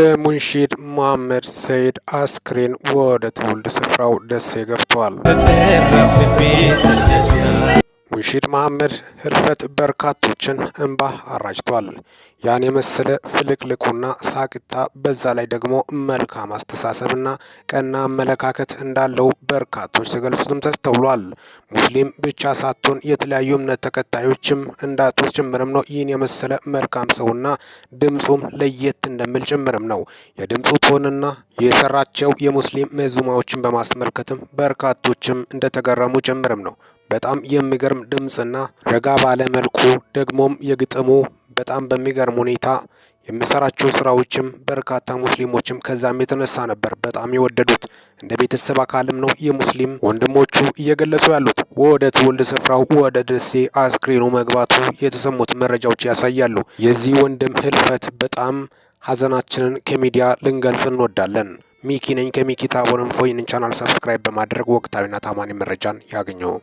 የሙንሺድ ሙሀመድ ሰይድ አስክሬን ወደ ትውልድ ስፍራው ደሴ ገብቷል። ሙንሺድ መሐመድ ህልፈት በርካቶችን እንባ አራጭቷል። ያን የመሰለ ፍልቅልቁና ሳቅታ በዛ ላይ ደግሞ መልካም አስተሳሰብና ቀና አመለካከት እንዳለው በርካቶች ሲገልጹትም ተስተውሏል። ሙስሊም ብቻ ሳትሆን የተለያዩ እምነት ተከታዮችም እንዳቶች ጭምርም ነው ይህን የመሰለ መልካም ሰውና ድምፁም ለየት እንደሚል ጭምርም ነው። የድምፁ ቶንና የሰራቸው የሙስሊም መዙማዎችን በማስመልከትም በርካቶችም እንደተገረሙ ጭምርም ነው። በጣም የሚገርም ድምፅና ረጋ ባለ መልኩ ደግሞም የግጥሙ በጣም በሚገርም ሁኔታ የሚሰራቸው ስራዎችም በርካታ ሙስሊሞችም ከዛም የተነሳ ነበር በጣም የወደዱት። እንደ ቤተሰብ አካልም ነው የሙስሊም ወንድሞቹ እየገለጹ ያሉት። ወደ ትውልድ ስፍራው ወደ ደሴ አስክሬኑ መግባቱ የተሰሙት መረጃዎች ያሳያሉ። የዚህ ወንድም ህልፈት በጣም ሀዘናችንን ከሚዲያ ልንገልጽ እንወዳለን። ሚኪ ነኝ ከሚኪ ታቦር ፎይንን ቻናል ሰብስክራይብ በማድረግ ወቅታዊና ታማኒ መረጃን ያገኘው